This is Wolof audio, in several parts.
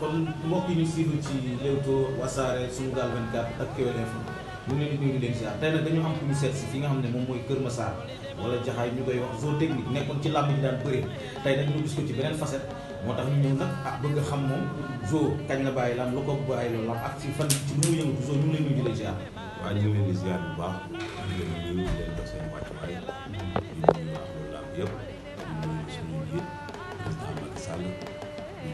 kon mbokk yi ñu suivre ci Leewtoo Wassare Sunugal 24 ak Kewel Info ñu ngi leen di nuyu leen si tey nag dañu am ku ñu seet si fi nga xam ne moom mooy Kër Massar wala jaxaay ñu koy wax zone technique nekkoon ci làmb ji daan bëri tey nag ñu gis ko ci beneen facette moo tax ñu ñëw nag ah bëgg a xam moom zoo kañ la bàyyi lam la ko bàyyi loolu lam ak ci fan ci lu muy yëngatu zoo ñu ngi leen di leen ziar. waaw ñu ngi leen di ziar bu baax ñu ngi leen di nuyu leen jox seen wàccuwaay ñu ngi leen di nuyu waa làmb yëpp ñu ngi leen di nuyu suñu njiit président Macky Sall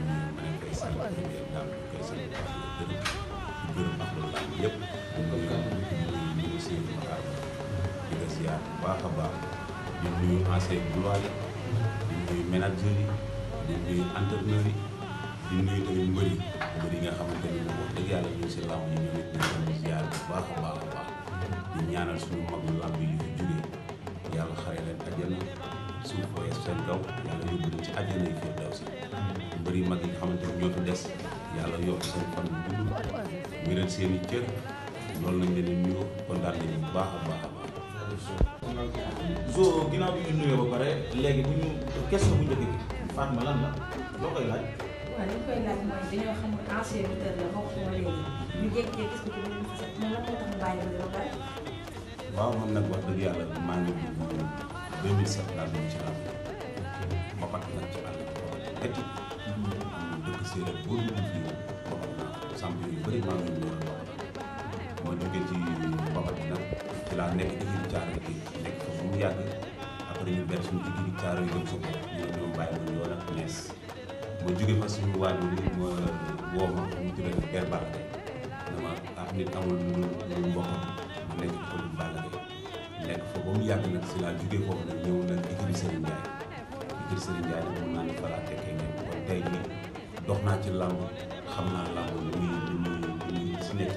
danañ koy sant waaye daal di koy sant bu baax di di gërëm ak lu baax yëpp bu nga di ko di ko siyaar bu baax a baax di nuyu ancien gloire yi di nuyu manager yi di nuyu entraîneur yi di nga xamante ni moom wax dëgg yàlla ñu si làmb yi ñu nit ñu ngi siyaar bu baax a baax a baax di ñaanal suñu mag làmb yi ñu fi yàlla xare leen àjjana suñu fooyee su seen kaw yàlla yóbbu leen ci àjjana yi fii daw si mbër yu mag yi xamante ne des yàlla yokk seen fan bu gudd wéral seen cër loolu nañ leen di nuyoo kontaan nañu bu baax a baax a baax. Zo ginnaaw bi ñu nuyoo ba pare léegi bu ñu question bu njëkk bi Fatma lan la loo koy laaj. waaw man nag wax dëgg yàlla maa ngi 2007 laa doon ci làmb ma pat nag ci àll bi yu bëri maa ngi ñëw ci mbapat nag ci laa nekk équipe caaro yi nekk fa mu yàgg après ñu ber suñu équipe caaro yi dem sa bopp ñu ñoom bàyyi ma yoon ak nees ma jóge fa suñu waajur yi ma woo ma ñu tuddee dama ah nit amul lu mbokk ma nekk ci xolu Balla Gaye fa ba mu yàgg nag si laa jugee foofu nag ñëw nag Ikri Serigne Ndiaye Ikri Serigne Ndiaye nag mun naa ne fa laa tekkee kon tey jii dox naa ci làmb xam naa làmb ci biir mun ñu dund nañ nag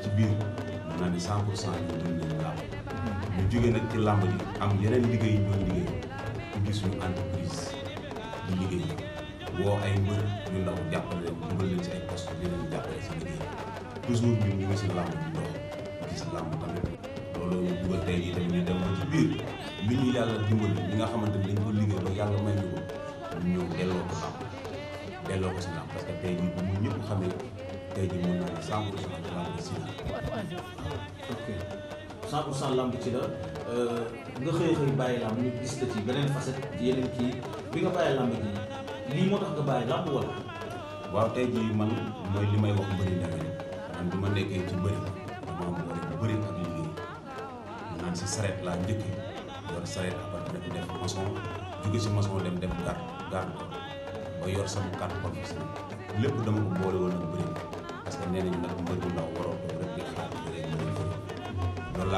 ci làmb ji am yeneen liggéey yu ñu doon liggéey indi suñu entreprise di liggéey woo ay mbër ñu ndaw jàppale leen dugal leen si ay poste di jàppale si liggéey toujours ñun ñu ngi si làmb di dox gis làmb tamit. loolu ñu dugal tey jii tamit ñu dem ba ci biir li ñu yàlla dimbali ñi nga xamante ni dañ ko liggéey ba yàlla may ñu ko ñu ñëw delloo ko làmb delloo ko si làmb parce si la ci la euh, nga xëy xëy bàyyi làmb ñu gis la ci beneen facette ci yeneen kii bi nga bàyyi làmb ji lii moo tax nga bàyyi làmb wala waaw tey jii man li may wax bëri demee man du ma nekkee ci bëri dama bëri bëri ak si sareet laa njëkkee yor sareet après dem def ko yor sama carte professionnel lépp dama ko boole woon ak bëri parce que nee nañu nag mbër bu ndaw waroo toog rek laa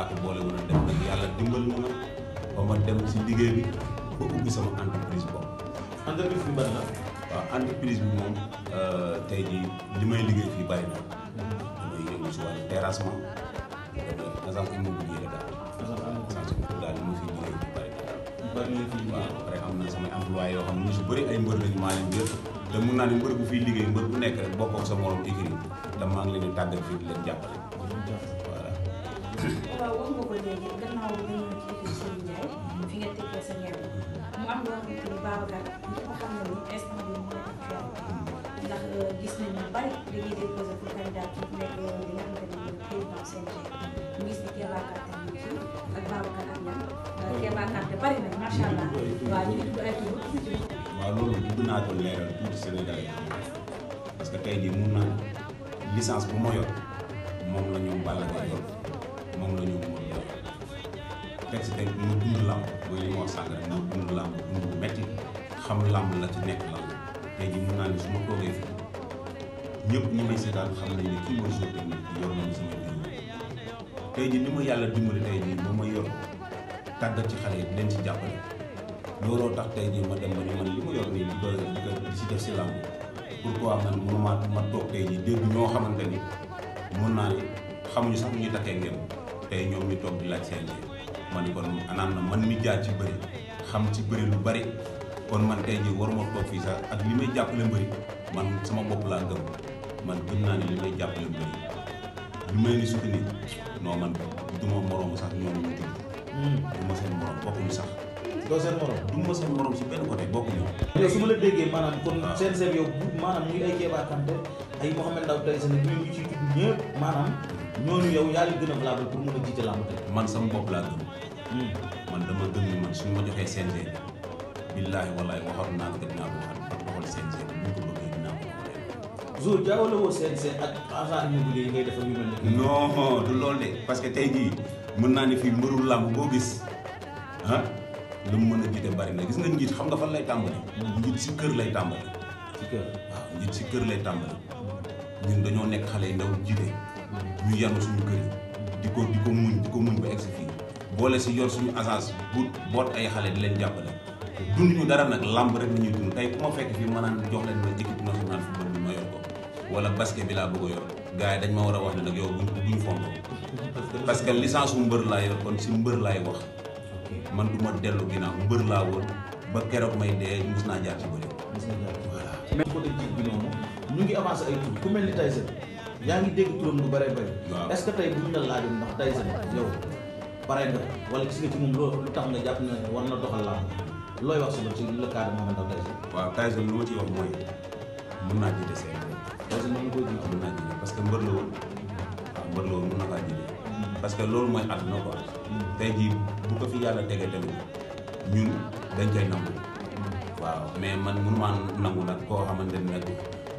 ko boole woon a dem nag yàlla dimbal na ma ba ma dem si liggéey bi ba ubbi sama entreprise bopp entreprise bi moom euh, tey li may liggéey fii bari na mm-hmm. damay yëngu si wàllu terrassement damay agence immobilier employé yoo xam ne ñu si bëri ay mbër lañu maa leen jël te mun naa ne mbër bu fiy liggéey mbër bu nekk rek bokkoo sa morom écrit da maa ngi leen di tàggat fi nga teg sa ñebe mu am loo xamante ni Babacar ñëpp xam na ni instant ndax gis nañu bari dañuy déposé pour candidat ci nekk li nga xamante ni président CNG gis ni allah waaw loolu bëgg naa ko leeral tuuti Sénégalais yi parce que tey jii mun naa licence bu ma yor moom la ñoom Balla Gaye yor moom la ñoom Modou tey mu dund làmb mooy li ma wax sànq rek la ci nekk làmb tey jii mun naa ñëpp ñi may seetaan xam nañ kii mooy jour technique yor nañu sama tey jii ni ma yàlla dimbali tey jii moom may tàggat ci xale yi ci jàppale looloo tax tey jii ma dem ba li ma yor nii si def si làmb pourquoi man ma toog tey jii dégg ñoo xamante ni mun naa ne xamuñu sax ñu takkee ngeen tey ñu toog di laaj seen ma ni kon anam na man mi jaar ci bëri xam ci bëri lu bari kon man tey war waruma toog sax ak li may jàppale mbëri man sama bopp laa gëm man gëm naa ne li may jàppale mbëri ñu may ni soutenir non man du ma moroom sax ñoom ñu tëdd hmm. du ma seen morom bokkuñu sax doo seen morom du ma seen morom si benn côté bokkuñu yow su la déggee maanaam kon ah. seen seen yow maanaam muy ay Keba Kanté ay Mouhamed seen ñun ñu ciy tudd yow yaa leen gën pour mën a jiite man sama bopp laa gëm hmm. man dama gëm ni man suñu ma joxee CNG billaahi wallaahi waxoon naa ko dinaa ko waxal doxal CNG jour jaawale woo CNG ak agent yi ngay defar yu mel ni. de parce que tey jii mën naa ne fii mbëru làmb boo gis ah lu mu mën a jiite bari na gis nga njiit xam nga fan lay tàmbali. Hmm. njiit si kër lay tàmbali. si kër waaw njiit si kër lay tàmbali. ñun dañoo nekk xale yi ndaw jiite. Hmm. ñu yanu suñu kër yi. di ko di ko muñ di ko si fii. boole si yor suñu assance bu boot ay xale di leen jàppale. dund ñu dara nag làmb rek la ñuy dund tey ku ma fekk fii ma naan jox leen ma équipe wala basket bi laa bëgg a yor gars yi dañ ma war a wax ne nag yow buñ buñ fontoo parce que licence bu mbër laa yor kon si mbër laay wax man du ma dellu ginnaaw mbër laa woon ba keroog may dee mus naa jaar ci bëri voilà même côté jiit bi noonu ñu lu bëree bëri waaw est-ce que tey la laajoon looy wax si loolu ci lu ma ci mun naa jiite seen parce que mënu ko jiitu parce que na kaa jiite parce que loolu mooy àdduna quoi tey jii bu ko fi yàlla tegee tamit ñun dañ koy nangu waaw mais man mënumaa nangu nag koo xamante ne nag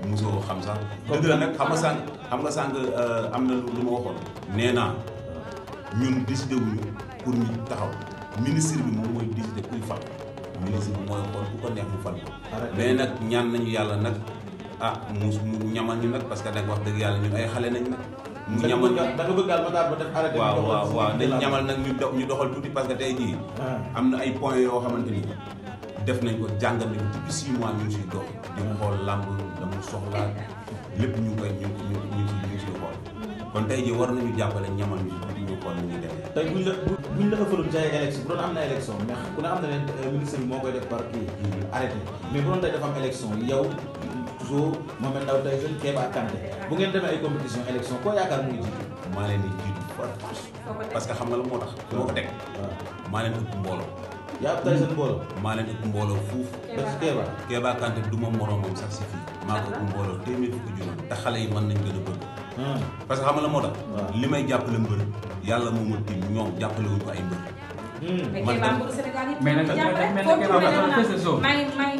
musoo xam sax dëgg la nag xam nga sànq xam nga sànq euh, am na lu ma waxoon nee naa ñun décidé wuñu pour ñu taxaw ministre bi moom mooy décidé kuy fal ministre bi mooy xool ku ko neex mu fal mais nag ñaan nañu yàlla nag ah mu mu ñamal ñu nag parce que nag wax dëgg yàlla ñu ay xale nañ nag mu ñamal da nga bëgg daal ba daal ba def arrêté waaw waaw doxal parce que tey ah. am na ay points yoo xamante ni def nañ ko jàngal nañ depuis six mois ñu ngi ah. lépp ñu ngi koy ñu ngi ñu ngi siy xool kon tey jii war nañu ñu di ñu xool ni ñuy demee tey mais ku ne am na euh, ministre moo koy def par kii mm-hmm. arrêté mais bu doon tey dafa am yow Zo Mohamed Ndao Tyson Kéba Kanté bu ngeen demee ay compétition élection koo yaakaar mu ngi jiitu. maa leen di jiitu parce que xam nga la moo tax. moo ko teg maa leen mbooloo. yaa ab Tyson maa leen mbooloo fuuf. def Kéba Kéba du ma moroomam sax si fii. maa ko ëpp mbooloo téeméer fukki juróom te xale yi mën nañ gën a bëgg. Ah. parce que xam nga la moo tax. li may jàppale mbër yàlla moo ma tiim ñoom jàppale wuñ ko ay mbër. Hmm. man de mais Sénégal yi. mais nag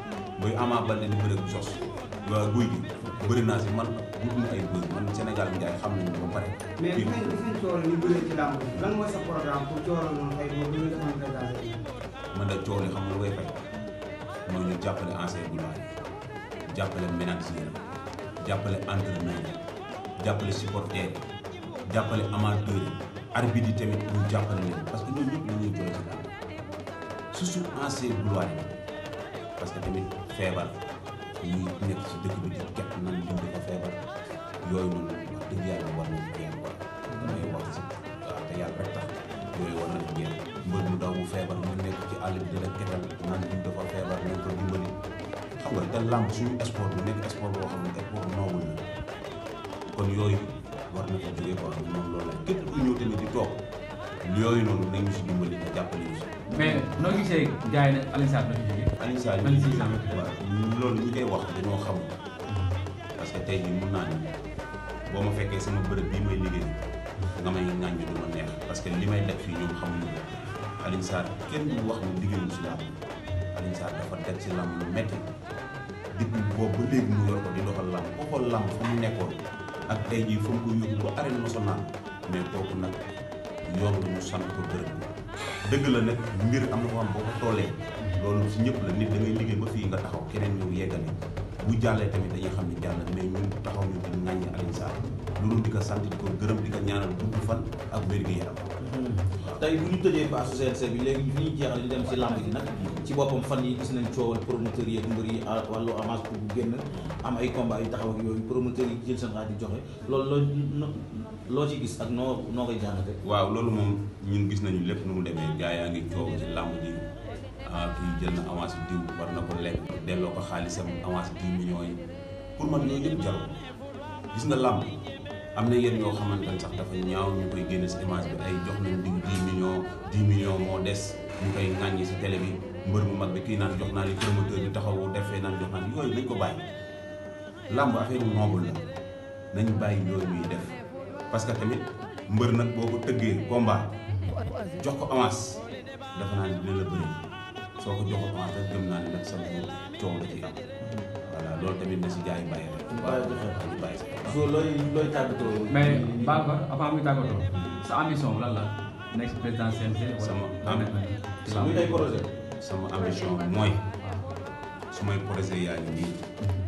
muy Ama Baldé di bëre sos waa guy gi bëri naa si man guddum ay bëri man Sénégal njaay xam nañu ba pare. mais bi ngay gis cooro ni ne xam nga lu koy fay mooy ñu jàppale ancien gulaar jàppale ménager jàppale entraîneur jàppale supporter jàppale amateur yi arbitre yi tamit ñu jàppale leen parce que ñun ñëpp la ñuy jooy si làmb surtout ancien gulaar yi parce que tamit. feebar ñuy nekk ci dëkk bi di gàtt nan dund ko feebar yooyu noonu wax dëgg yàlla war nañ jéem quoi si waaw te yàlla rek tax mu daw mu feebar ci àll bi la ketal naan dund dafa feebar nañ ko dimbali xam nga te làmb suñu sport bi nekk sport boo xam ne na ko loolu la képp tamit di toog yooyu noonu nañu si dimbali mais noo gisee gars yi nag Alioune Sarr dafa jógee. loolu ñu koy wax dañoo xam parce que tey jii mun naa ne boo ma fekkee sama bërëb bii may liggéey nga may ñaan ñu dama neex parce que li may def fii ñoom xamuñu ko kenn du wax ne liggéeyul si làmb Alioune Sarr dafa teg si làmb lu métti depuis boobu ba léegi mu yor ko di doxal làmb koo xool làmb fa mu nekkoon ak tey jii fa mu ko yóbbu ba arène nationale mais kooku nag yoon lu mu sant ko bërëb dëgg la nag mbir am na ko am boo ko tollee loolu si ñëpp la nit da ngay liggéey ba fii nga taxaw keneen ñëw yeggale bu jàllee tamit dañuy xam ne jàll mais ñun taxaw ñu di ŋàññi di ko sant di gërëm di ko ñaanal gudd fan ak wér gi yaram hmm. tey bu ñu tëjee baasu CNC bi léegi fi ñuy jeexal di dem si làmb gi nag ci boppam fan yi gis nañ coowal promoteur yi ak mbër yi wàllu avance pour bu génn am ay combat yu taxaw ak yooyu promoteur yi jël seen xaalis di joxe loolu loolu loo ci gis ak noo noo koy jàngatee. waaw loolu moom ñun gis nañu lépp nu mu demee gaa yaa ngi coow ci làmb ji ah, kii jël na avance di diw war na delloo ko xaalisam avance diw millions yi pour man loolu yëpp jarul gis nga làmb am na yenn yoo xamante ne sax dafa ñaaw ñu koy génne si image bi ay jox nañ diw 10 millions 10 millions moo des ñu koy ŋàññi si télé bi mbër mu mag bi kii naan jox naa li promoteur bi taxawu defee naan jox naa yooyu nañ ko bàyyi làmb affaire nombre la nañ bàyyi yooyu parce que tamit mbër nag boo ko tëggee combat jox ko dafa naa ne dina la soo ko jox ko avance gëm naa ne nag sax du coow am voilà loolu tamit na si gars bàyyi rek. waaw bàyyi si waaw. soo looy looy sa ambition lan la nekk président CNG. sama sama ambition mooy su may projet yaa nii.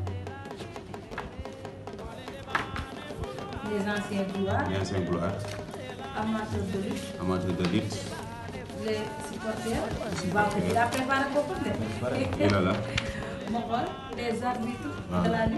des anciens gloires. des anciens gloires. amateurs de lutte. amateurs de lutte. les supporters. les supporters waaw daa préparé boppam de. moo xool les arbitres. de la lutte.